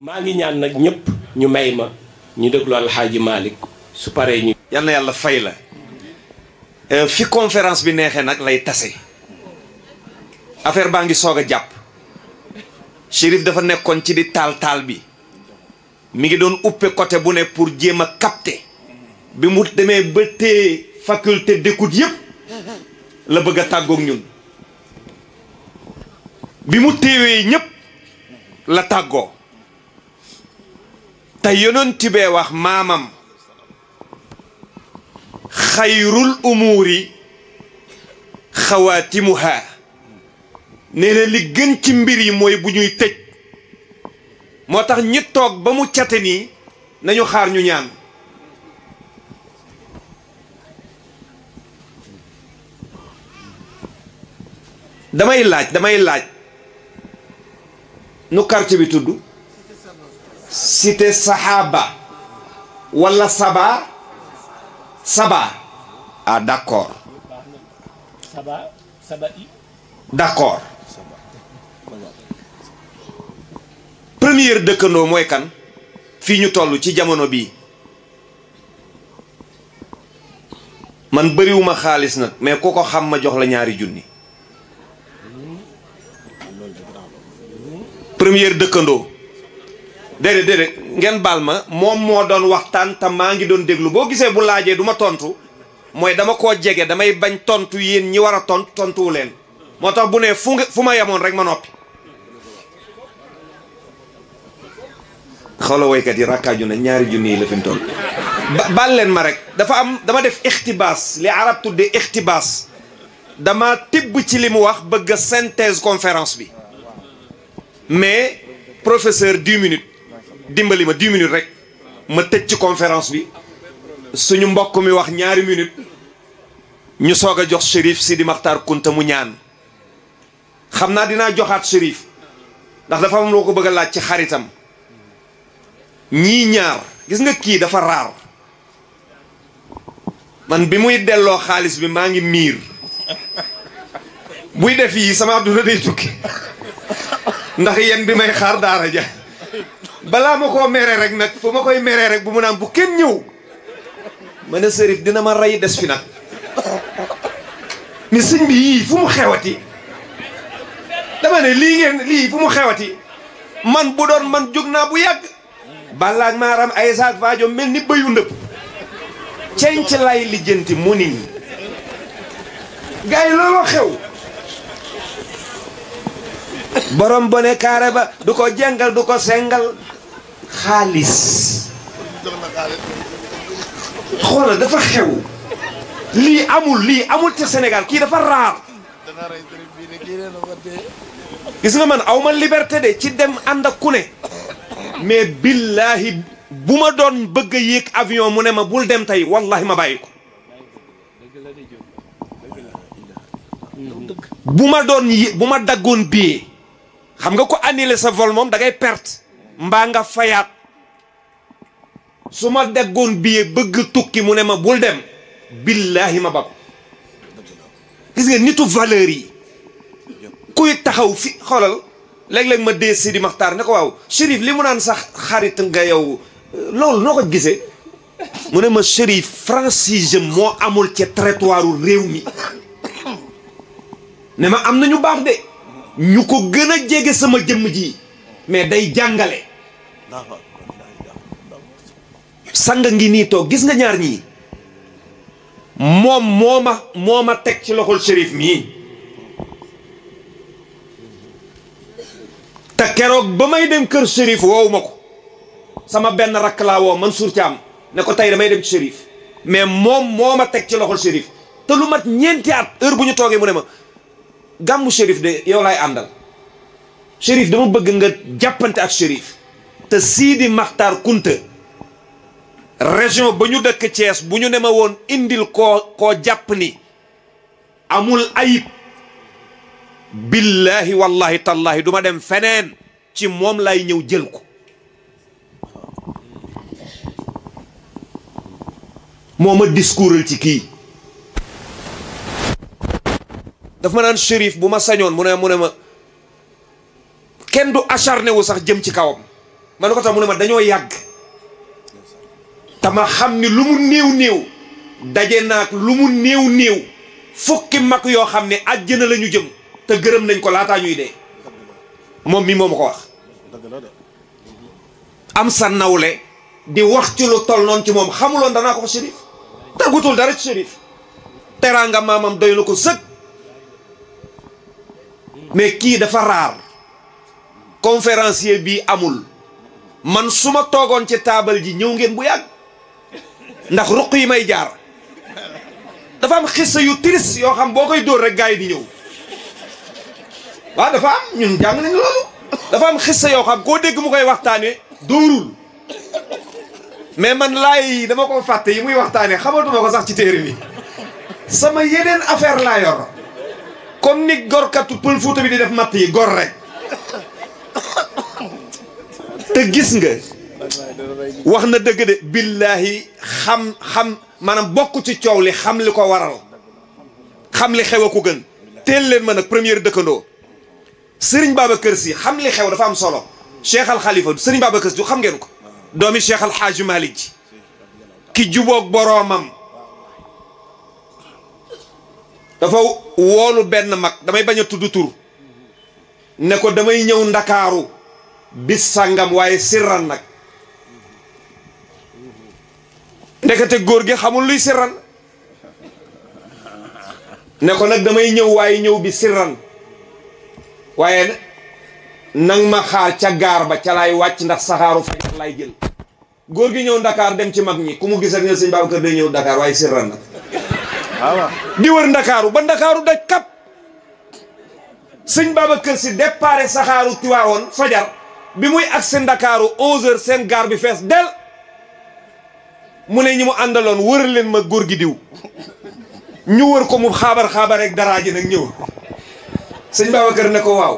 maa ngi ñaan nag ñëpp ñu may ma ñu déglu alxaaji Malick su paree ñu. yal yàlla fay la. Euh, fi conférence bi neexee nag lay tase. affaire baa ngi soog a jàpp. Chérif dafa nekkoon ci di taal taal bi. mu ngi doon uppe côté bu ne pour jéem a capter. bi mu demee ba tee faculté d'écoute yëpp la bëgg a tàggoog ñun bi mu téewee ñëpp la tàggoo te yonent bee wax maamam xayrul umuuri xawaatimuha nee na li gën ci mbir yi mooy bu ñuy tëj moo tax ñi toog ba mu cate nii nañu xaar ñu ñaan damay laaj damay laaj nu quartier bi tudd cité Sahaba walla Saba Saba ah d'accord d'accord première dëkkandoo mooy kan fii ñu toll ci jamono bii man bariwuma xaalis nag mais ku ko xam ma jox la ñaari junni première dëkkandoo déedéet déedéet ngeen baal ma moom moo doon waxtaan tam maa ngi doon déglu boo gisee bu laajee du ma tontu mooy dama koo jege damay bañ tontu yéen ñi war a tontu tontuwu leen moo tax bu ne fu fu ma yemoon rek ma noppi. xaw woykat yi rakkaaju na ñaari junni yi la fi mu baal leen ma rek dafa am dama def ixtibaas li arab tuddee ixtibaas dama tibb ci li mu wax bëgg a synthèse conférence bi mais professeur dix minutes. dimbali ma 10 minutes rek ma tëj ci conférence bi suñu mbokk mi wax ñaari minutes ñu soog a jox Chérif Sidi Makhtar Kunta mu ñaan xam naa dinaa joxaat Chérif ndax dafa am loo ko bëgg a laaj ci xaritam ñii ñaar gis nga kii dafa raar man bi muy delloo xaalis bi maa ngi miir buy def yi sama àdduna day tukki ndax yéen bi may xaar daara ja balaa ma koo meree rek nag fu ma koy meree rek bu mu naan bu kenn ñëw ma ne sërif dina ma rey des fi nag ni sëñ yii fu mu xewati dama ne lii ngeen lii fu mu xewati man bu doon man jóg naa bu yàgg balaag maaram ay saak faajo mel ni bëyu ndëpp cenc lay lijjanti mu niñ gars yi xew borom bone kaare ba du ko jengal du ko sengal xaalis xoolal dafa xew lii amul lii amul ci senegal kii dafa raar gis nga man awma liberté de ci dem ànd ak ku ne mais billaahi bu ma doon bëgg a yéeg avion mu ne ma bul dem tey wallahi ma bàyyi bu ma doon bu ma daggoon billet xam nga ko àndile sa vol moom dangay pert mbaa nga fayaat su ma daggoon billet bëgg tukki mu ne ma bul dem billaahi ma bab gis nga nitu valeur yi kuy taxaw fi xoolal léeg-léeg ma dee Sidi Maxtaar ne ko waaw Chérif li mu naan sax xarit nga yow loolu noo ko gisee mu ne ma Chérif francisem moo amul ci traitoire réew mi ne ma am na ñu baax de ñu ko gën a jege sama jëmm ji mais day jàngale sang ngi nii toog gis nga ñaar ñii moom moo ma moo ma teg ci loxol shérif mii te keroog ba may dem kër shérif woowu ko sama benn rakk laa woo Mansour Thiam ne ko tey damay dem ci shérif mais moom moo ma teg ci loxol shérif te lu mat ñeenti at heure bu ñu toogee mu ne ma gàmmu shérif de yow lay àndal shérif dama bëgg nga jàppante ak shérif te Sidi Maxtaar Kunta région ba ñu dëkk Thiès bu ñu ne ma woon indil koo koo jàpp ni amul ayib billahi wallahi tallahi du dem feneen ci moom lay ñëw jël ko mooma ma discoural ci kii dafa ma naan shérif bu ma sañoon mu ne mu ne ma kenn du acharné wu sax jëm ci kawam ma ne ko tax mu ne ma dañoo yàgg dama xam ni lu mu néew néew daje naag lu mu néew néew fukki mag yoo xam ne àjjana la ñu jëm te gërëm nañ ko laataa ñuy dee moom mi moo a ko wax am sa nawle di wax ci lu tol noonu ci moom xamuloon danaa ko fa shérif tàggutul dara ci shérif teraanga maamam doy na ko sëg mais kii dafa raar conférencier bii amul man su ma toogoon ci taabal ji ñëw ngeen bu yàgg ndax ruq yi may jaar dafa am xissa yu tiris yoo xam boo koy dóor rek gars yi di ñëw waa dafa am ñun jàng nañ loolu dafa am xissa yoo xam koo dégg mu koy waxtaane dóorul mais man laay dama koo fàtte yi muy waxtaane xamatuma ko sax ci téere bi sama yeneen affaire laa yor comme ni gorkatu pël Fuuta bi di def matt yi gor rek te gis nga wax na dëgg de billaahi xam xam maanaam bokk ci coow li xam li ko waral xam li xew a ko gën teel leen mën nag première dëkkandoo Serigne Babacar Sy xam li xew dafa am solo Cheikh xalifa Khalifa Serigne Babacar Sy du xam ngeen ko doomi Cheikh Al Hadji Malick ji ki jubóog boroomam dafa woolu benn mag damay bañ a tudd tur ne ko damay ñëw ndakaaru bis sàngam waaye sirran nag ndekete góor gi xamul luy sirran ne ko nag damay ñëw waaye ñëw bi sirran waaye nang ma xaar ca gaar ba ca laay wàcc ndax saxaaru fajar laay jël góor gi ñëw Ndakaar dem ci mag ñi ku mu gis ak ne sëñ Babacar day ñëw Ndakaar waaye sirran nag di wër Ndakaaru ba Ndakaaru daj kap sëñ Babacar si déparé saxaaru Tiwaawoon fajar bi muy agsi Ndakaaru 11h seen gaar bi fees del mu ne ñi mu àndaloon wër leen ma góor gi diw ñu wër ko mu xaabar xaabar rek daraa ji nag ñëw sëñ Babacar ne ko waaw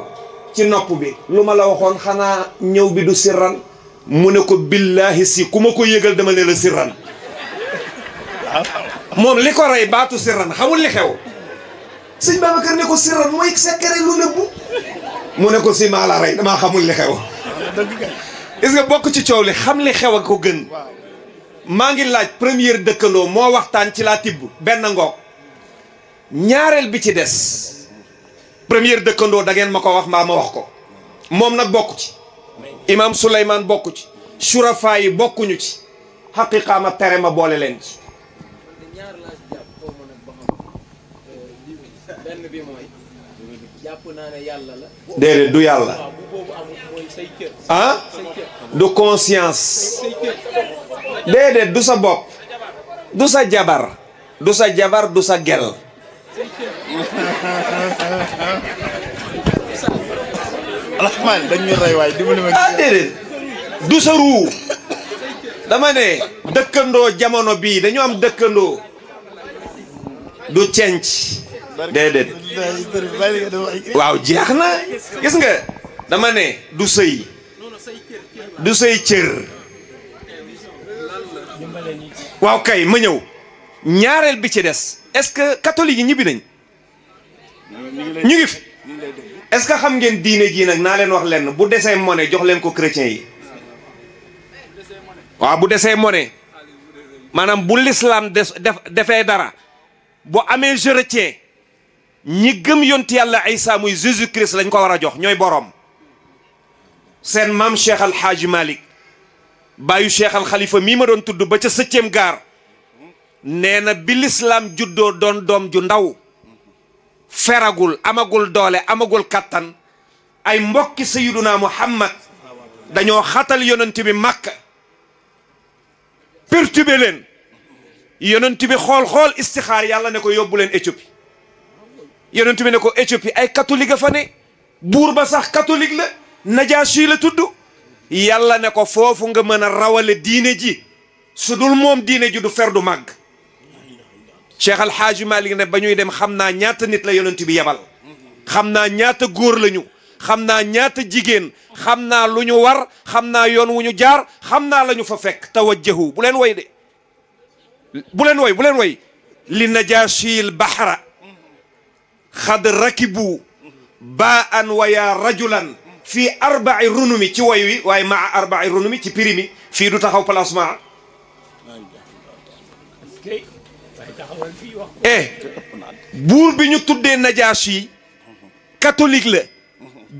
ci nopp bi lu ma la waxoon xanaa ñëw bi du sirran mu ne ko billaahi si ku ma ko yëgal dama ne la sirran moom li ko rey baatu sirran xamul li xew sëñ Babacar ne ko sirran mooy secret lu nëbbu mu ne ko si maa rey damaa xamul li xew dëgg bokk ci coow li xam li xew a ko gën maa ngi laaj première dëkkandoo moo waxtaan ci laa tibb benn ngoog ñaareel bi ci des première dëkkandoo da ngeen ma ko wax mbaa ma wax ko moom nag bokk ci imaam Souleymane bokku ci surafa yi bokkuñu ci xaqiqa ma tere ma boole leen ci euh, déedéet du yàlla ah du conscience déedéet du sa bopp du sa jabar du sa jabar du sa gel alaxmaan dañ ñu ma ah dëkkandoo jamono bii dañu am dëkkandoo du cenc déedéet waaw jeex na gis nga dama ne du sëy du sëy cër waaw kay ma ñëw ñaareel bi ci des est-ce que catholique yi ñibbi nañ ñu ngi fi est-ce que xam ngeen diine jii nag naa leen wax lenn bu desee monnaie jox leen ko chrétien yi waaw bu desee monnaie maanaam bu l'islam des defee dara bu amee chrétien ñi gëm yonti yàlla Isaa muy Jésus Christ lañ ko war a jox ñooy boroom seen maam Cheikh Al Hadj Malick bàyyu Cheikh Al mii ma doon tudd ba ca septième gaar nee na bi lislaam juddoo doon doom ju ndaw feragul amagul doole amagul kattan ay mbokki sayiduna muhammad dañoo xatal yonent bi màkka perturbé leen yonent bi xool-xool istixaar yàlla ne ko yóbbu leen Éthiopie yonent bi ne ko Éthiopie ay catholique fa ne buur ba sax catholique la najaasi la tudd yàlla ne ko foofu nga mën a rawale diine ji su dul moom diine ji du fer du màgg cheikh alxaaji malik ne ba ñuy dem xam naa ñaata nit la yonent bi yebal xam naa ñaata góor lañu xam naa ñaata jigéen xam naa luñu war xam naa yoon wu jaar xam naa lañu fa fekk tawajjahu bu leen woy de bu leen woy bu leen woy li najaashil bahra xad rakibu baa an wa rajulan fii arba'i runumi ci woy wi waaye maa arba'i runumi ci prix mi fii du taxaw place maa eh buur bi ñu tuddee najaas yi catholique la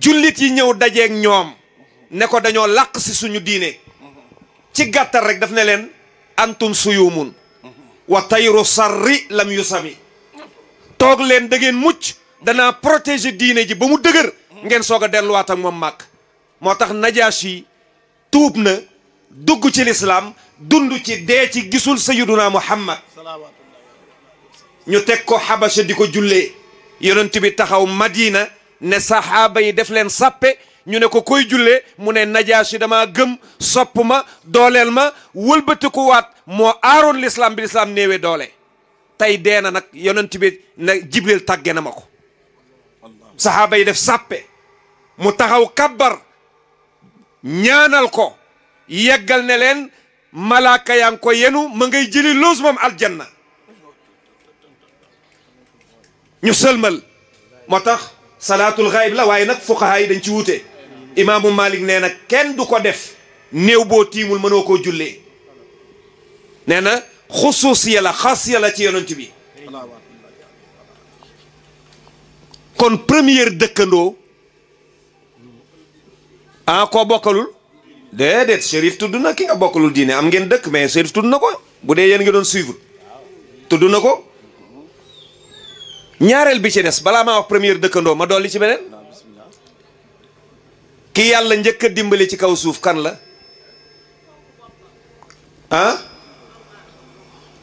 jullit yi ñëw dajeeg ñoom ne ko dañoo làq si suñu diine ci gàttal rek def ne leen antum suyumun wa tayru sarri lam yusami toog leen da ngeen mucc danaa protéger diine ji ba mu dëgër ngeen soog a delluwaat moom màkk moo tax Najaasi tuub na dugg ci lislaam dund ci dee ci gisul sayiduna muhammad ñu teg ko xabasa di ko jullee yonent bi taxaw madina ne saxaaba yi def leen sappe ñu ne ko koy jullee mu ne najaasi dama gëm sopp ma dooleel ma wëlbatikuwaat moo aaroon lislaam bi lislaam néewee doole tey dee na nag yonent bi ne jibril tàgge na ma ko saxaaba yi def sàppe mu taxaw kabbar ñaanal ko yeggal ne leen malaaka yaa ko yenu ma ngay jëli loos moom aljanna ñu sëlmal moo tax salaatul xayib la waaye nag fuqaha yi dañ ci wuute imaamu malik nee na kenn du ko def néew boo tiimul mënoo ko jullee nee na xusuusiya la xaasiya la ci yonent bi kon première dëkkandoo ah koo bokkalul déedéet shérif tudd na ki nga bokkalul diine am ngeen dëkk mais shérif tudd na ko bu dee yéen ngi doon suivre tudd na ko ñaareel bi ci des balaa maa wax première dëkkandoo ma dolli ci beneen ki yàlla njëkk a dimbali ci kaw suuf kan la ah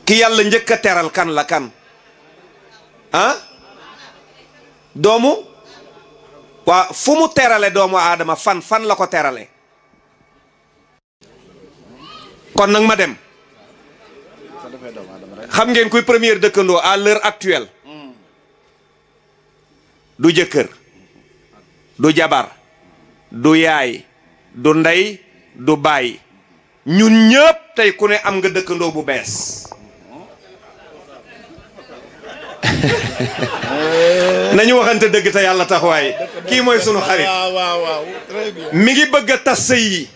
ki yàlla njëkk a teral kan la kan ah doomu waa fu mu terale doomu aadama fan fan la ko terale kon nag ma dem xam ngeen kuy première dëkkandoo à l'heure actuelle du jëkkër du jabar du yaay du ndey du bàyyi ñun ñëpp tey ku ne am nga dëkkandoo bu bees nañu waxante dëgg te yàlla tax waaye kii mooy sunu xarit mi ngi bëgg a tas sëy yi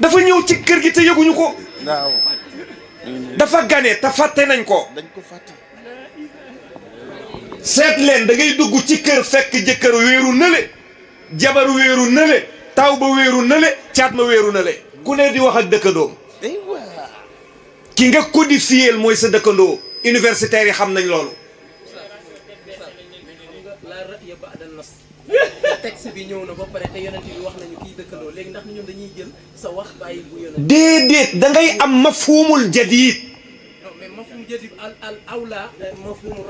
dafa ñëw ci kër gi te yëguñu ko dafa gane te fàtte nañ ko seet leen da dugg ci kër fekk jëkkër wéeru nële jabar weeru nële taw ba wéeru nële caat ma weeru nële ku ne di wax ak dëkkandoom ki nga codifié mooy sa dëkkandoo universitaires yi xam nañ loolu. texte bi ñëw na ba pare te wax nañu kii léegi ndax ñoom dañuy jël sa wax bàyyi bu yonent. déedéet da am mafhumul jadid. non mais awla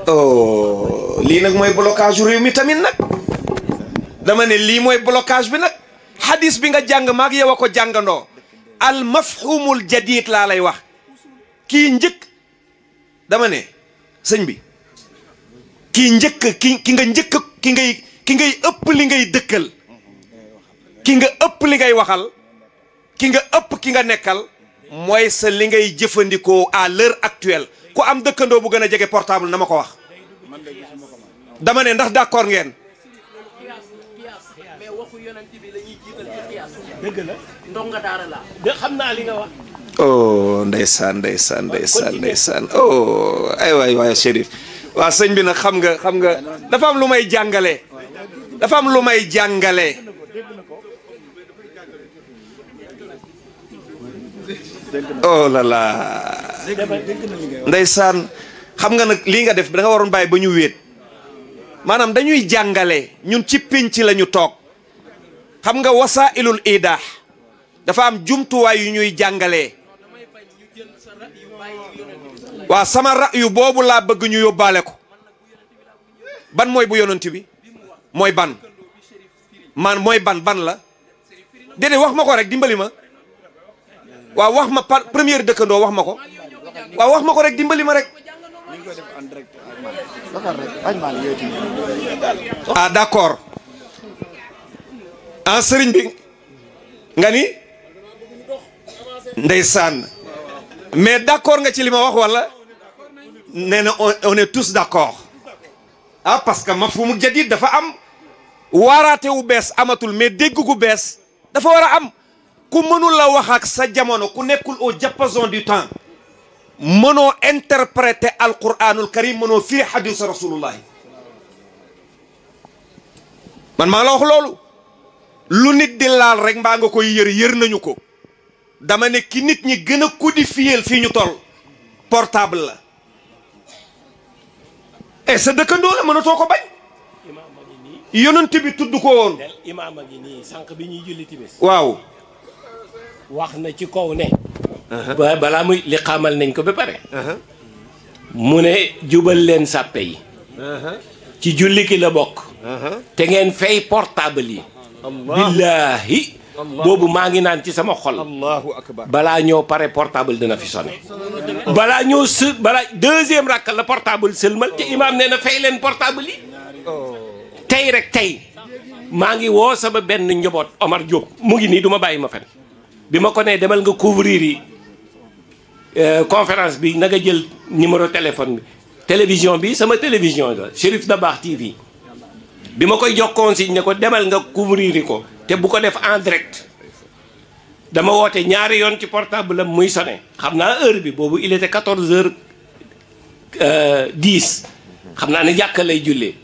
euh, oh, lii nag mooy blocage réew mi tamit nag dama ne lii mooy blocage bi nag xadis bi nga jàng maag yow a ko jàngandoo al mafhumul jadid laa lay wax. kii njëkk dama ne sëñ bi kii njëkk ki nga njëkk ki ngay ki ngay ëpp li ngay dëkkal ki nga ëpp li ngay waxal ki nga ëpp ki nga nekkal mooy sa li ngay jëfandikoo à l'heure actuelle ku am dëkkandoo bu gën a jege portable na ma ko wax dama ne ndax d'accord ngeen dëgg oh ndeysaan ndeysaan ndeysaan ndeysaan oh, ay waay waay Chérif waaw sëñ bi nag xam nga xam nga dafa am lu may jàngale dafa am lu may jàngale oh la la ndeysaan xam nga nag lii nga def da nga waroon bàyyi ba ñu wéet maanaam dañuy jàngale ñun ci pénc la ñu toog xam nga wasaa ilul idaax dafa am jumtuwaay yu ñuy jàngalee waa sama ra'yu boobu laa bëgg ñu yóbbaale ko ban mooy bu yonent bi mooy ban maan mooy ban ban la déedéet wax ma ko rek dimbali ma waaw wax ma par première dëkkandoo wax ma ko waaw wax ma ko rek dimbali ma rek ah d'accord ah sëriñ bi nga ni ndeysaan mais d'accord nga ci li ma wax wala nee na on est tous d'accord ah parce que mafhumu jadid dafa am waaraate wu bees amatul mais dégg gu bees dafa war a am ku mënul la wax ak sa jamono ku nekkul au diapason du temps mënoo interpréter alquranul karim mënoo firi xadisu rasulullahi man maa la wax loolu lu nit di laal rek mbaa nga koy yër yër nañu ko dama ne ki nit ñi gën a codifier fii ñu tol portable la e sa dëkkandoo la mënatoo ko bañ yonent bi tudd ko woon imaam sànq bi ñuy julli timis waaw wax na ci kaw ne uh-huh. ba balaa muy li xaamal nañ ko ba pare uh-huh. mu ne jubal leen sàppe yi uh-huh. ci julli ki la bokk te ngeen fay portable yi billaahi boobu maa ngi naan ci sama xol balaa ñoo pare portable dina fi sonné balaa ñoo su balaa deuxième rakk la portable sëlmal te imaam nee na fey leen portable yi oh. tey rek tey maa ngi woo sama benn njoboot Omar Diop mu ngi nii du ma bàyyi ma fen bi ma ko nee demal nga couvrir yi euh, conférence bi na nga jël numéro téléphone bi télévision bi sama télévision la Chérif baax TV bi ma koy jox consigne ne ko demal nga couvrir ko te bu ko def en direct dama woote ñaari yoon ci portable am muy sone xam naa heure bi boobu il était quatorze heures euh, dix xam naa ne jàkka lay jullee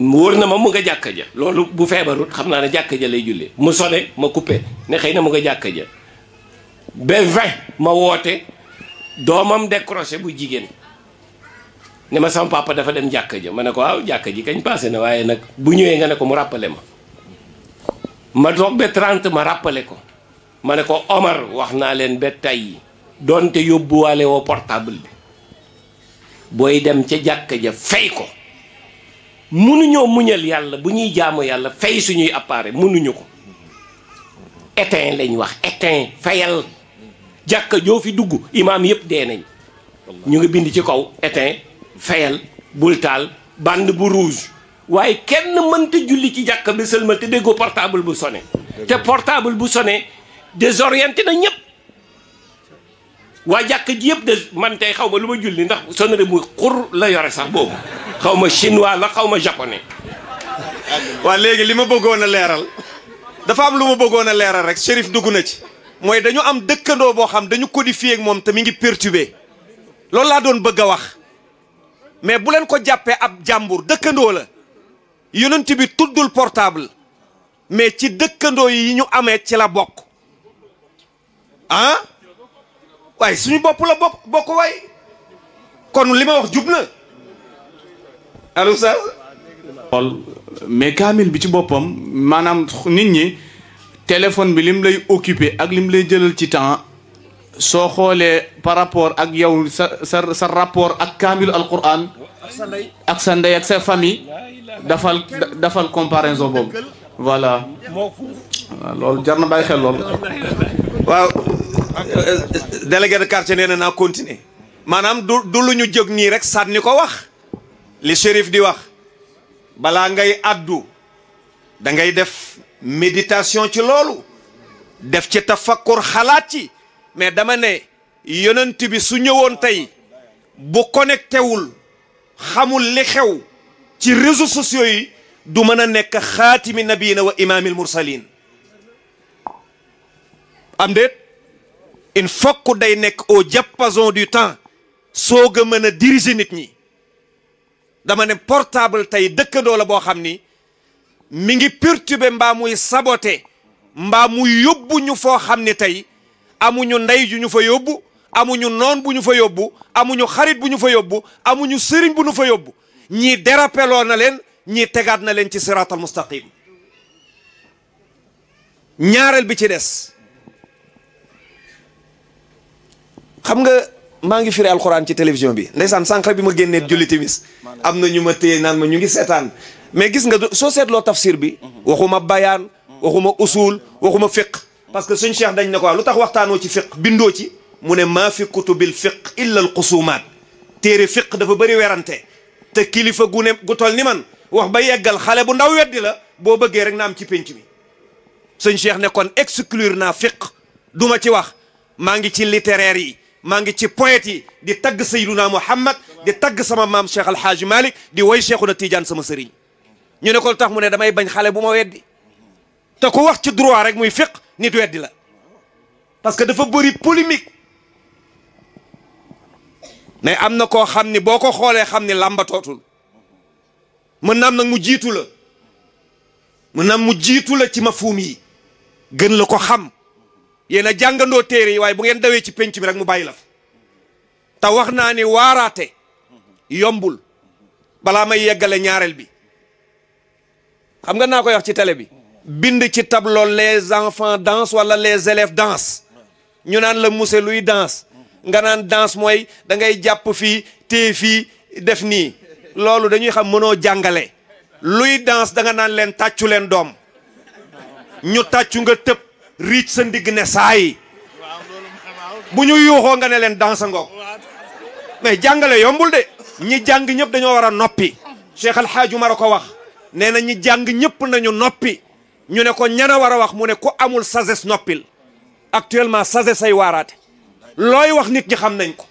wóor na ma mu nga jàkka ja loolu bu feebarut xam naa ne jàkka ja lay jullee mu sone ma coupé ne xëy na mu nga jàkka ja ba vingt ma woote doomam décroché bu jigéen ne ma sama papa dafa dem jàkka ja ma ne ko waaw jàkka ji kañ passé na waaye nag bu ñëwee nga ne ko mu rappelé ma ma toog ba 30 ma rappelé ko ma ne ko Omar wax naa leen ba tey donte yóbbuwaale woo portable bi booy dem ca jàkka ja fay ko mënuñoo muñal yàlla bu ñuy jaamu yàlla fay suñuy appareil mënuñu ko éteint lañ wax éteint fayal jàkka joo fi dugg imaam yëpp dee nañ ñu ngi bind ci kaw éteint fayal bul taal bande bu rouge waaye kenn mënta julli ci jàkka bi sëlmal te déggoo portable bu sone te portable bu sonné désorienté na ñëpp waa jàkka ji yëpp de man tey xaw ma lu ma julli ndax sone sonnerie bu xur la yore sax boobu xaw ma chinois la xaw ma japone waa léegi li ma bëggoon a leeral dafa am lu ma bëggoon a leeral rek Chérif dugg na ci mooy dañu am dëkkandoo boo xam dañu codifié ak moom te ngi perturbé loolu laa doon bëgg a wax mais bu leen ko jàppee ab jàmbur dëkkandoo la yonent bi tuddul portable mais ci dëkkandoo yi ñu amee ci la bokk ah waaye suñu bopp la bopp bokk waay kon li ma wax jub na allo sa xool mais kaamil bi ci boppam maanaam nit ñi téléphone bi lim lay occupé ak lim lay jëlal ci temps soo xoolee par rapport ak yow sa sa sa rapport ak kaamilu alquran ak sa ndey ak sa famille dafal dafal comparaison boobu voilà waaw loolu jar na bàyyi xel loolu waaw délégué de quartier nee na naa continuer maanaam du du lu ñu jóg nii rek sànni ko wax li shérif di wax balaa ngay addu da ngay def méditation ci loolu def ci tafakkur xalaat ci mais dama ne yonent bi su ñëwoon tey bu konektewul xamul li xew ci réseaux sociaux du mën a nekk xaatimi nabiina wa imaamil mursalin am déet il faut que day nekk au diapason du temps soog a mën a diriger nit ñi dama ne portable tey dëkkandoo la boo xam ni mi ngi perturber mbaa muy saboter mbaa muy yóbbu ñu foo xam ni tey amuñu ndey ju ñu fa yóbbu amuñu noon bu ñu fa yóbbu amuñu xarit bu ñu fa yóbbu amuñu sëriñ bu ñu fa yóbbu ñii dérapeloo na leen ñii tegaat na leen ci siraatal mustaqim ñaareel bi ci des xam nga maa ngi firi alxuraan ci télévision bi ndeysaan sànq bi ma génnee julli timis am na ñu ma téye naan ma ñu ngi seetaan mais gis nga soo seetloo tafsir bi mhm. waxuma bayaan waxuma usul waxuma fiq parce que suñ cheikh dañ ne ko lu tax waxtaanoo ci fiq bindoo ci mu ne maa fi kutubil fiq illa al xusumaat téere fiq dafa bëri werante te kilifa gu ne gu tol ni man wax ba yeggal xale bu ndaw weddi la boo bëggee rek na am ci pénc mi sëñ cheikh ne kon exclure naa fiq duma ci wax maa ngi ci littéraire yi maa ngi ci poète yi di tagg naa sayduna muhammad di tagg sama maam cheikh alhaaji malik di woy cheikhuna tidiane sama sëriñ ñu ne ko tax mu ne damay bañ xale bu ma weddi te ku wax ci droit rek muy fiq nit weddi la parce que dafa bëri polémique mais am na koo xam ni boo ko xoolee xam ni làmbatootul mën na nag mu jiitu la mën na mu jiitu la ci mafuum yi gën la ko xam yéen a jàngandoo téere yi waaye bu ngeen dawee ci penc mi rek mu bàyyi la fa te wax naa ni waaraate yombul balaa may yeggale ñaareel bi xam nga naa ko wax ci télé bi bind ci tableau les enfants dansent wala les élèves dansent ñu naan la monsieur luy danse nga naan danse mooy da ngay jàpp fii téye fii def nii loolu dañuy xam mënoo jàngale luy danse danga naan leen tàccu leen doom ñu taccu nga tëb riic sa ndigg ne saayi bu ñu yuuxoo nga ne leen danse ngoog mais jàngale yombul de ñi jàng ñëpp dañoo war a noppi Cheikh Al Hadj a ko wax nee na ñi jàng ñëpp nañu noppi ñu ne ko ñana war a wax mu ne ko amul sagesse noppil actuellement sagesse ay waaraate looy wax nit ñi xam nañ ko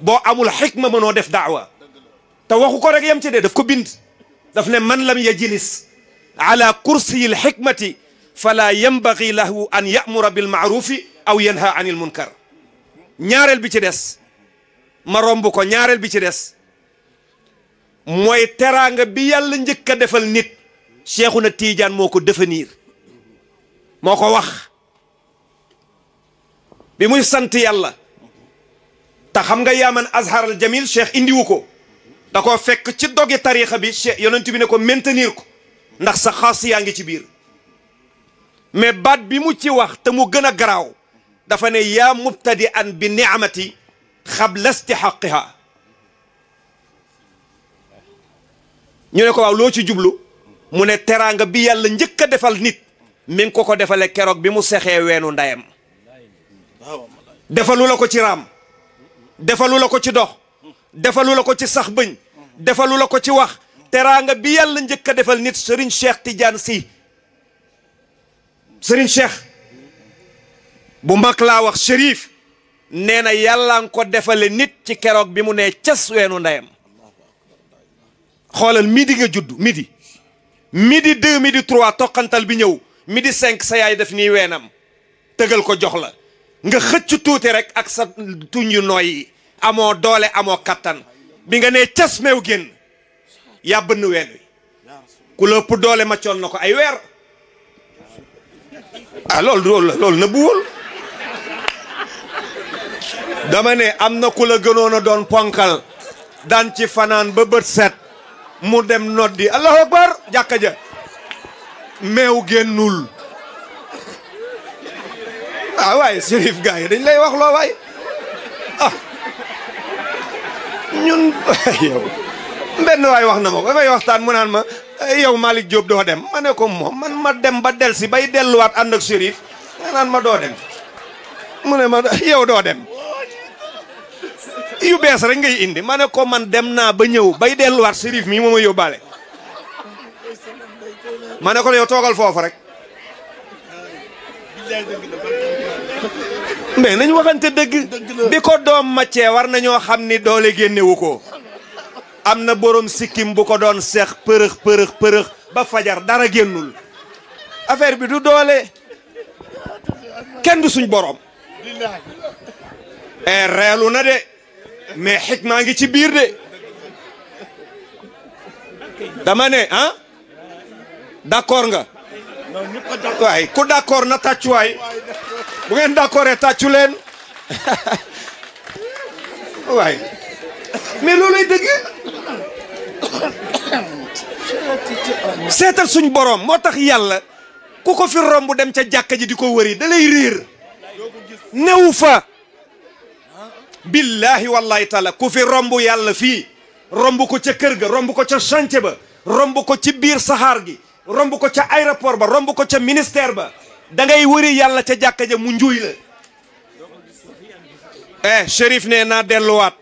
boo amul xikma mënoo def daawa te waxu ko rek yem ci dee daf ko bind daf ne man lam yajlis ala kursiyi lxikmati fala yambagi lahu an yamura bilmaarufi aw yanha anil munkar ñaareel bi ci des ma romb ko ñaareel bi ci des mooy teraanga bi yàlla njëkk a defal nit Seexuna Tiijaan moo ko définir moo ko wax bi muy sant yàlla te xam nga yaaman azhar al jamil cheikh indiwu ko da ko fekk ci doge tariixa bi cheikh bi ne ko maintenir ko ndax sa xaas yaa ngi ci biir mais baat bi mu ci wax te mu gën a garaaw dafa ne yaa mubtadi an bi niamati xabla istihaqiha ñu ne ko waaw loo ci jublu mu ne teraanga bi yàlla njëkk a defal nit mi ngi ko ko defale keroog bi mu sexee weenu ndeyam defalu la ko ci raam defalu la ko ci dox defalu la ko ci sax bëñ defalu la ko ci wax teraanga bi yàlla njëkk a defal nit sëriñ Cheikh Tidiane si Serigne Cheikh bu mag laa wax Chérif nee na yàlla nga ko defale nit ci keroog bi mu nee cas weenu ndeyam xoolal midi nga judd midi midi deux midi trois toqantal bi ñëw midi cinq sa yaay def nii weenam tëgal ko jox la nga xëcc tuuti rek ak sa tuñ yu nooy yi amoo doole amoo kattan bi nga nee cas meew génn yaa bënn ween wi ku la doole ma coon na ko ay weer ah loolu loolu na buwul dama ne am na ku la gënoon a doon ponkal daan ci fanaan ba bët set mu dem noddi allahu akbar jàkka ja meew génnul ah waaye Chérif gars yi dañ lay wax loo waay ah ñun benn waay wax na ma ko dafay waxtaan mu naan ma eh, yow Malick Diop doo dem ma ne ko moom man ma dem ba del si bay delluwaat ànd ak Chérif nga naan ma doo dem mu ne ma yow doo dem yu bees rek ngay indi ma ne ko man dem naa ba ñëw bay delluwaat Chérif mii moo ma yóbbaale ma ne ko yow toogal foofu rek. mais nañ waxante dëgg. bi ko doom màccee war nañoo xam ni doole génnewu ko. am na borom sikkim bu ko doon seex përëx përëx përëx ba fajar dara génnul. affaire bi du doole. kenn du suñ borom. e reelu na de. mais xikmaa ngi ci biir de. dama ne ah. d'accord nga. waay ku d'accord na tàccu waay bu ngeen d'accordee tàccu leen waay mais loolay dëgg seetal suñ borom moo tax yàlla ku ko fi romb dem ca jàkka ji di ko wëri da lay riir new fa billahi wallahi taala ku fi romb yàlla fii romb ko ca kër ga romb ko ca chantier ba romb ko ci biir saxaar gi romb ko ca aéroport ba romb ko ca ministère ba da ngay wëri yàlla ca jàkka ja mu njuuy la eh shérif ne naa delluwaat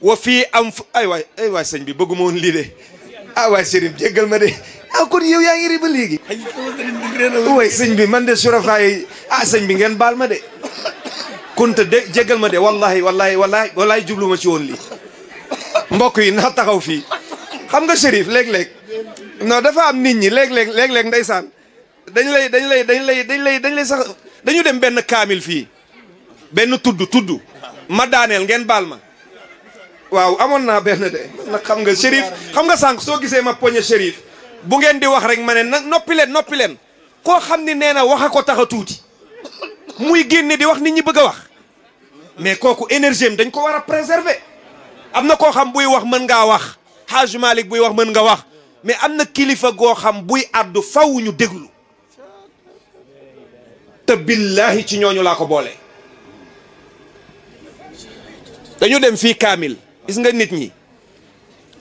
wa fii am fu ay way ay waay sëñ bi bëgguma woon lii de ah waay shérif jéggal ma de ah kon yow yaa ngi ba léegi waay sëñ bi man de surafaay ah sëñ bi ngeen baal ma de kunta de jéggal ma de wallahi wallahi wallahi wallahi jublu ma ci woon lii mbokk yi naa taxaw fii xam nga shérif léeg-léeg non dafa am nit ñi léeg-léeg léeg-léeg ndeysaan dañ lay dañ lay dañ lay dañ lay dañ lay sax dañu dem benn kaamil fii benn tudd tudd ma daaneel ngeen baal ma waaw amoon naa benn de nag xam nga shérif xam nga sànq soo gisee ma poñe shérif bu ngeen di wax rek ma ne nag noppi leen noppi leen koo xam ni nee na wax ko tax a tuuti muy génne di wax nit ñi bëgg a wax mais kooku énergie am dañ ko war a préserver am na koo xam buy wax mën ngaa wax Haaj Malik buy wax mën nga wax mais am na kilifa goo xam buy àddu faw ñu déglu te billaahi ci ñooñu laa ko boole dañu dem fii kaamil gis nga nit ñi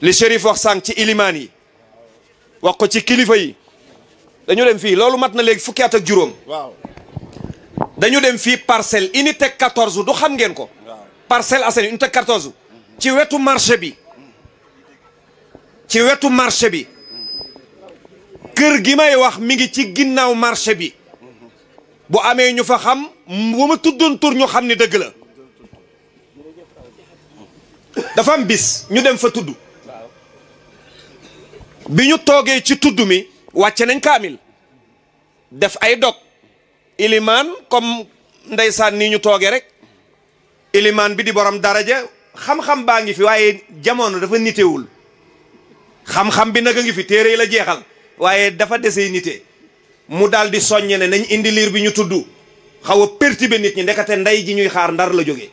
li shérif wax sànq ci ilimaan yi wax ko ci kilifa yi dañu dem fii loolu mat na léegi fukki at juróom waaw dañu dem fii ini te 14 du xam ngeen ko Parcelles Assainies te 14 ci wetu marché bi ci wetu marché bi kër gi may wax mi ngi ci ginnaaw marché bi bu amee ñu fa xam bu ma tuddoon tur ñu xam ni dëgg la dafa am bis ñu dem fa tudd bi ñu toogee ci tudd mi wàcce nañ kaamil def ay dog ilimaan comme ndeysaan nii ñu toogee rek ilimaan bi di borom daraja xam-xam baa ngi fi waaye jamono dafa nitewul xam-xam bi nag a ngi fi téere yi la jeexal waaye dafa dese nite mu daal di soññe ne nañ indi liir bi ñu tudd xaw a perturbe nit ñi ndekate ndey ji ñuy xaar ndar la jóge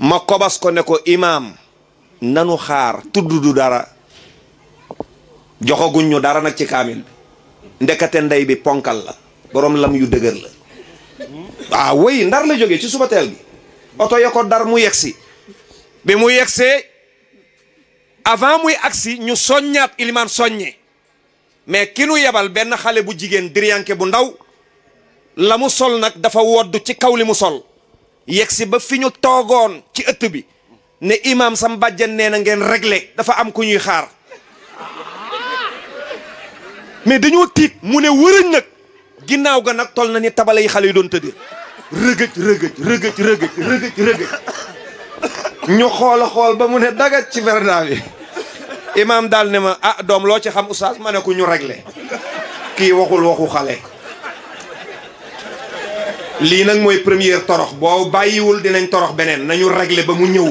ma kobas ko ne ko imaam nanu xaar tudd du dara joxaguñ ñu dara nag ci kaamil bi ndekate ndey bi ponkal la borom lam yu dëgër la waaw ah, wéy ndar la jóge ci suba teel gi oto ya ko dar mu yegsi bi mu yegsee avant muy agsi ñu soññaat ilimaan soññe mais ki nu yebal benn xale bu jigéen diriyanke bu ndaw la mu sol nag dafa wodd ci kaw li mu sol yegg si ba fi ñu toogoon ci ëtt bi ne imaam sam bàjjan nee na ngeen réglé dafa am ku ñuy xaar mais dañoo tiit mu ne wërëñ nag ginnaaw ga nag tol na ni tabale yi xale yi doon tëddee rëgëj rëgëj rëgëj rëgëj rëgëj ñu xool a xool ba mu ne dagat ci verda bi imaam daal ne ma ah doom loo ci xam oustaz ma ne ko ñu réglé kii waxul waxu xale lii nag mooy première torox boo bàyyiwul dinañ torox beneen nañu réglé ba mu ñëw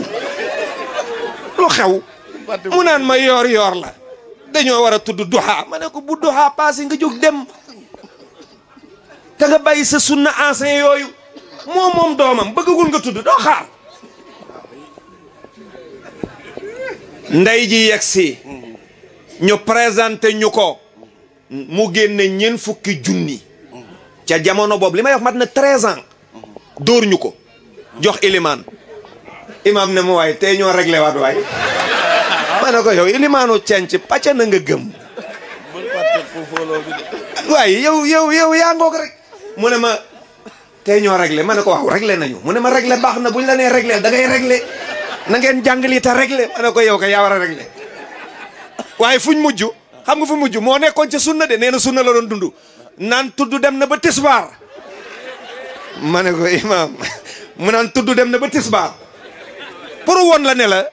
lu xew mu naan ma yoor yoor la dañoo war a tudd duxaa ma ne ko bu duxaa passé nga jóg dem te nga bàyyi sa sunna ancien yooyu moom moom doomam bëggagul nga tudd doo xaar ndey ji yegsi ñu présenté ñu ko mu génne ñeent fukki junni ca jamono boobu li ma wax mat na treize ans dóor ñu ko jox ilimaan imaam ne mu waay tey ñoo réglé waat waay ma ne ko yow ilimaanu cenc pàcca na nga gëm waaye yow yow yow yaa ngoog rek mu ne ma tey ñoo réglé ma ne ko waaw réglé mu ne ma réglé baax na buñ la nee réglé da ngay réglé na ngeen jàng lii te réglé ma ne yaa war a réglé waaye fuñ mujj xam nga fu mujj moo nekkoon ca sunna de nee na sunna la doon dund naan tudd dem na ba tisbaar ma ne ko imaam mu naan tudd dem na ba tisbaar pour won la ne la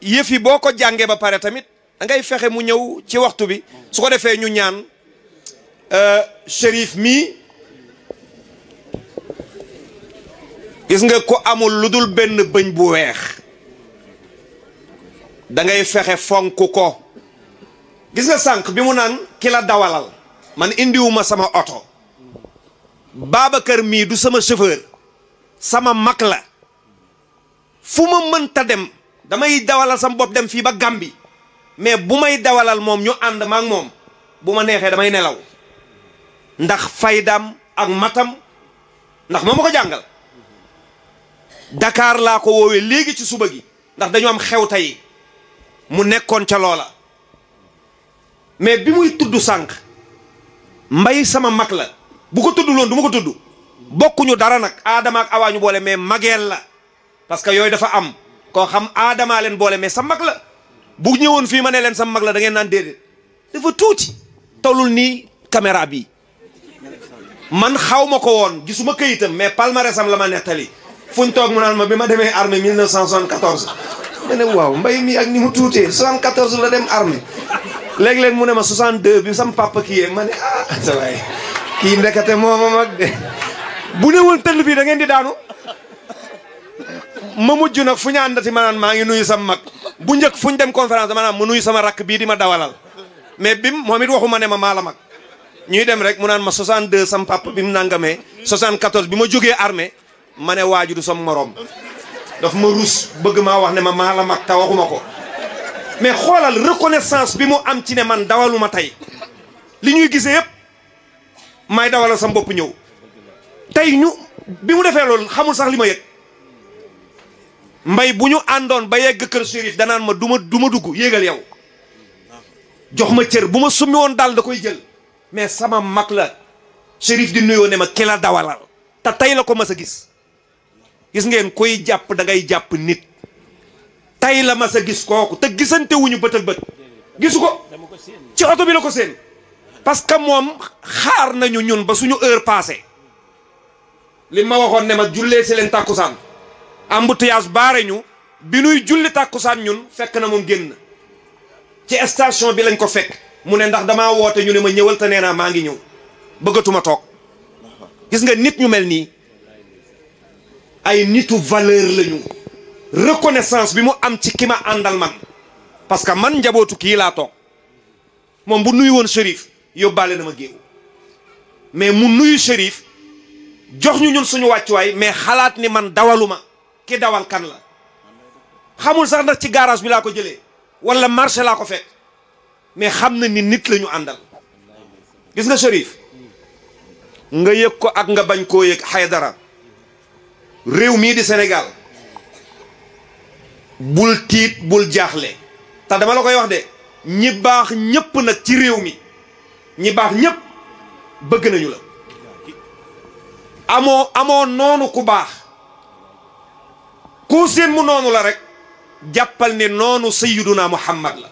yëf yi boo ko jàngee ba pare tamit da ngay fexe mu ñëw ci waxtu bi su ko defee ñu ñaan euh, shérif mii gis nga ko amul lu dul benn bëñ bu weex da ngay fexe fonk ko gis nga sànq bi mu naan ki la dawalal man indiwuma sama oto Babacar mii du sama chauffeur sama mag la fu ma mënta dem damay dawalal sam bopp dem fii ba Gàmbi mais bu may dawalal moom ñu ànd maak moom bu ma neexee damay nelaw ndax faydam ak matam ndax moo ma ko jàngal Dakar laa ko woowee léegi ci suba gi ndax dañu am xew tey mu nekkoon ca loola mais bi muy tudd sànq mbay sama mag la bu ko tudd loon du ma ko tudd bokkuñu dara nag aadama ak awaa ñu boole mais mageel la parce que yooyu dafa am koo xam aadamaa leen boole mais sa mag la bu ñëwoon fii ma ne leen sa mag la da ngeen naan déedéet dafa tuuti tollul nii caméra bi man xaw ma ko woon gisuma kayitam mais palmarèsam la ma nettali fu ñu toog mu naan ma bi ma demee armée 1974 ma ne waaw mbay mi ak ni mu tuutee 74 la dem armée léeg-léeg mu ne ma 62 bi sam papa kii e ma ne sa ah, kii ndekete mooma mag de bu ne woon tëll bi da ngeen di daanu ma mujj na fu ñu àndati ma naan maa ngi nuyu sama mag bu njëkk fu ñu dem conférence maanaam mu nuyu sama rakk bii di ma dawalal mais bim moom it waxuma ne ma maa la mag ñuy dem rek mu naan ma 62 sam papa bi mu nangamee 74 bi ma jógee armée mane ne waaju du sam moroom daf ma rus bëgg maa wax ne ma maa la mag ta waxuma ko mais xoolal reconnaissance bi mu am ci ne man dawaluma tey li ñuy gisee yëpp may dawalal sa bopp ñëw tey ñu bi mu defee loolu xamul sax li ma yëg mbay bu ñu àndoon ba yegg kër shérif danaan ma du ma du ma dugg yéegal yow jox ma cër bu ma summi daal da koy jël mais sama mag la shérif di nuyoo ne ma ki la dawalal te tey la ko mas a gis gis ngeen kuy jàpp da ngay jàpp nit tey la mas a gis kooku te gisante wuñu bëtal bët gisu ko ci oto bi la ko seen parce que moom xaar nañu ñun ba suñu heure passée li ma waxoon ne ma jullee si leen tàkkusaan embouteillage baare ñu bi nuy julli tàkkusaan ñun fekk na moom génn ci station bi lañ ko fekk mu ne ndax dama woote ñu ne ma ñëwal te nee maa ngi ñëw bëggatuma toog gis nga nit ñu mel nii ay nitu valeur lañu reconnaissance bi mu am ci ki ma àndal man parce que man njabootu kii laa toog moom bu nuyu woon shérif yóbbaale na ma géew mais mu nuyu shérif jox ñu ñun suñu wàccuwaay mais xalaat ni man dawaluma ki dawal kan la xamul sax ndax ci garage bi laa ko jëlee wala marché laa ko fekk mais xam na ni nit la ñu àndal gis nga shérif nga yëg ko ak nga bañ koo yëg dara réew mii di Sénégal bul tiit bul jaaxle te dama la koy wax de ñi baax ñëpp nag ci réew mi ñi baax ñépp bëgg nañu la amoo amoo noonu ku baax ku seen mu noonu la rek jàppal ne noonu sayyiduna Muhammad la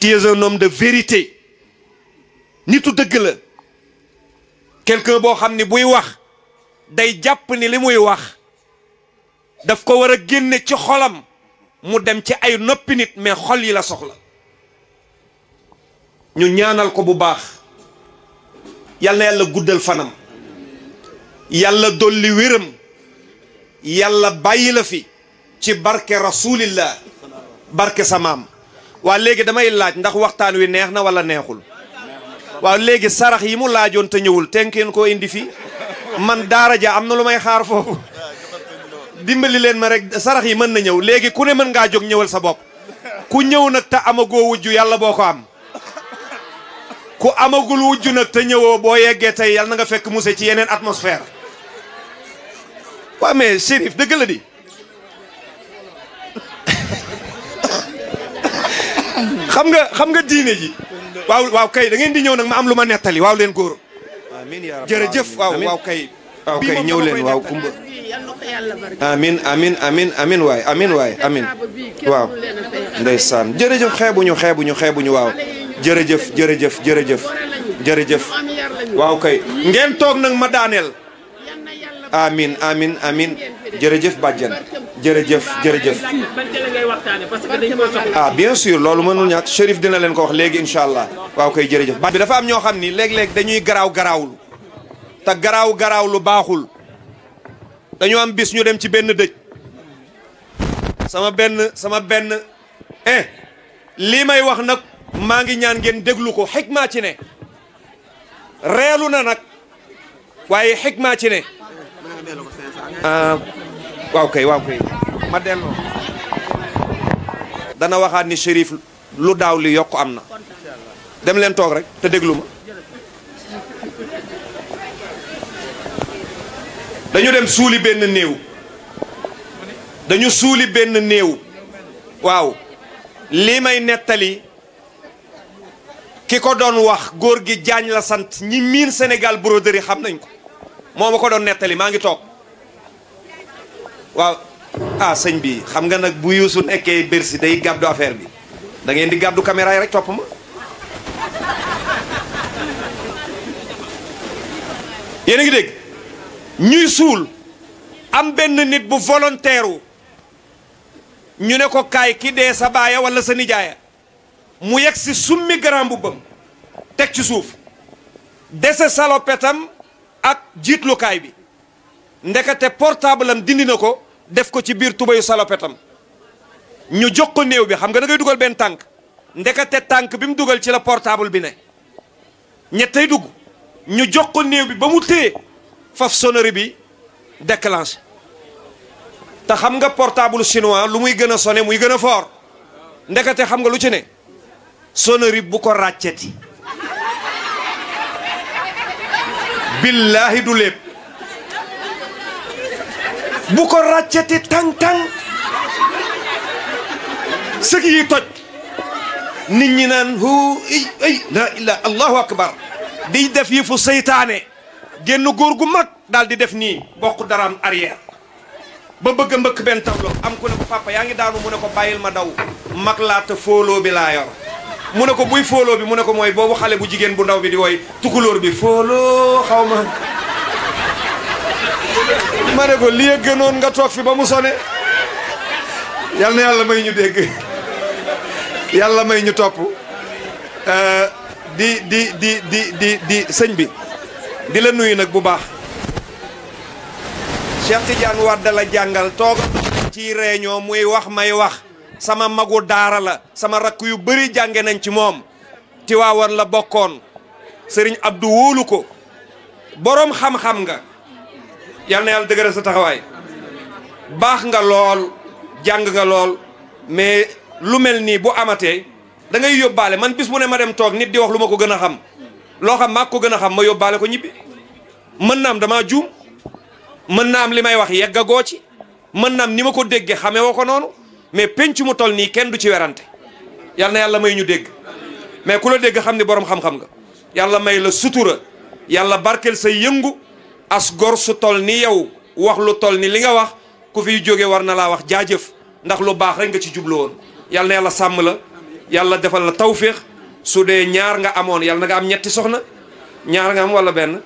tu es un de vérité nitu dëgg la quelqu'un boo xam ne buy wax day jàpp ni li muy wax daf ko war a génne ci xolam mu dem ci ay noppi nit mais xol yi la soxla ñu ñaanal ko bu baax yal na yàlla guddal fanam yàlla dolli wéram yàlla bàyyi la fi ci barke rasulillah barke sa maam waa léegi damay laaj ndax waxtaan wi neex na wala neexul waa léegi sarax yi mu laajoon te ñëwul te ko indi fii man daara ja am na lu may xaar foofu dimbali leen ma rek sarax yi mën na ñëw léegi ku ne mën ngaa jóg ñëwal sa bopp ku ñëw nag te amagoo wujju yàlla boo ko am ku amagul wujju nag te ñëwoo boo yeggee tey yàlla na nga fekk muse ci yeneen atmosphère waaw mais Chérif dëgg la di xam nga xam nga diine ji waaw waaw kay da ngeen di ñëw nag ma am lu ma nettali waaw leen góor jërëjëf waaw kay ah, waaw ñëw leen waaw kumba amin amin amin amin waay amin waay amin waaw ndeysaan jërëjëf xeebuñu xeebuñu xeebuñu waaw jërëjëf jërëjëf jërëjëf jërëjëf waaw kay ngeen toog nag ma daaneel amin amin amin jërëjëf bàjjen jërëjëf jërëjëf ah bien sûr loolu mënul ñàkk Chérif dina leen ko wax léegi incha allah waaw koy jërëjëf bi dafa am ñoo xam ni léeg-léeg dañuy garaaw garaawlu te garaaw garaaw lu baaxul dañoo am bis ñu dem ci benn dëj sama benn sama benn eh lii may wax nag maa ngi ñaan ngeen déglu ko xikma ci ne reelu na nag waaye xikma ci ne ah, waaw kay waaw kay ma delloo dana waxaat ni shérif lu daaw li yokk am na dem leen toog rek te déglu ma dañu dem suuli benn néew dañu suuli benn néew waaw lii may nettali ki ko doon wax góor gi jaañ la sant ñi miin Sénégal broderie xam nañ ko moo ma ko doon nettali maa ngi toog waaw ah sëñ bi xam nga nag bu Youssou nekkee Bercy day gàddu affaire bi da ngeen di gàddu caméra yi rek topp ma yéen ngi dégg ñuy suul am benn nit bu volontaire wu ñu ne ko kaay ki dee sa baaya wala sa nijaaya mu yegg si summi grand mbubbam teg ci suuf dese salopetam ak jiitlukaay bi ndekete portable am dindi na ko def ko ci biir tubayu salopetam ñu jox ko néew bi xam nga da dugal benn tànk ndekete tànk bi mu dugal ci la portable bi ne ñettay dugg ñu jox ko néew bi ba mu téye faf sonnerie bi déclenché te xam nga portable chinois lu muy gën a sonné muy gën a fort ndekete xam nga lu ci ne sonnerie bu ko ràcceti billaahi du lépp bu ko ràccati tàng-tàng sëg toj nit ñi naan hu ay ay la ila allahu akbar di def yi fu seytaane génn góor gu mag daal di def nii bokk daraam arrière ba bëgg a mbëkk benn tableau am ku ne ko papa yaa ngi daanu mu ne ko bàyyil ma daw mag laata fóoloo bi laa yor mu ne ko buy fóoloo bi mu ne ko mooy boobu xale bu jigéen bu ndaw bi di woy tukulóor bi fóoloo xawma ma ne ko lii gënoon nga toog fi ba mu sone yal na yàlla may ñu dégg yàlla may ñu topp euh, di di di di di di sëñ bi di la nuyu nag bu baax Cheikh Tidiane Wade jàngal toog ci réunion muy wax may wax sama magu daara sama rakk yu bëri jànge nañ ci moom Tiwaawan la bokkoon sëriñ Abdou wóolu ko boroom xam-xam nga yal na yàlla dëgëral sa taxawaay baax nga lool jàng nga lool mais lu mel nii bu amatee dangay yóbbaale man bis mu ne ma dem toog nit di wax lu ma ko gën a xam loo xam maa ko gën a xam ma yóbbaale ko ñibbi mën na am damaa juum mën na am li may wax yegg agoo ci mën na am ni ma ko déggee xamee woo ko noonu mais penc mu toll nii kenn du ci werante yal na yàlla may ñu dégg mais ku la dégg xam ni borom xam-xam nga yàlla may la sutura yàlla barkeel say yëngu. as su toll ni yow wax lu toll ni li nga wax ku fi jóge war na laa wax jaajëf ndax lu baax rek nga ci jublu woon yàlla na yàlla sàmm la yàlla defal la tawféex su dee ñaar nga amoon yàlla danga am ñetti soxna ñaar nga am wala benn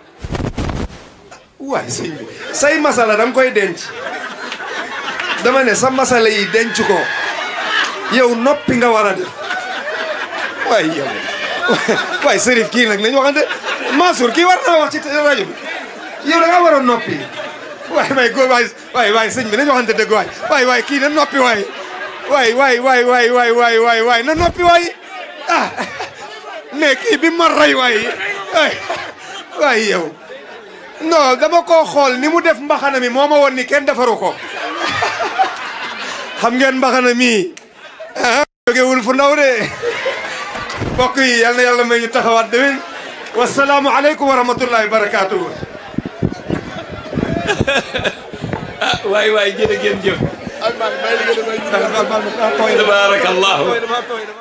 say masala danga koy denc dama ne sa masala yi denc ko yow noppi nga war a def waay yow waay sërif kii nag nañ waxante Mansour kii war na wax ci rajo bi yow da ngaa war a noppi waay may góor waay waay waay sëñ bi nañu waxante dëgg waay waay waay kii na noppi waay waay waay waay waay waay waay waay waay na noppi waay ah mais yow non dama koo xool ni mu def mbaxana mi moo ma woon ni kenn defaru ko xam ngeen mbaxana mi jógewul fu ndaw de mbokk yi yal na yàlla may ñu taxawaat déwén wasalaamu aleykum wa rahmatullahi wa ah waay waay jërë ngeen jëf. tabaarakallahu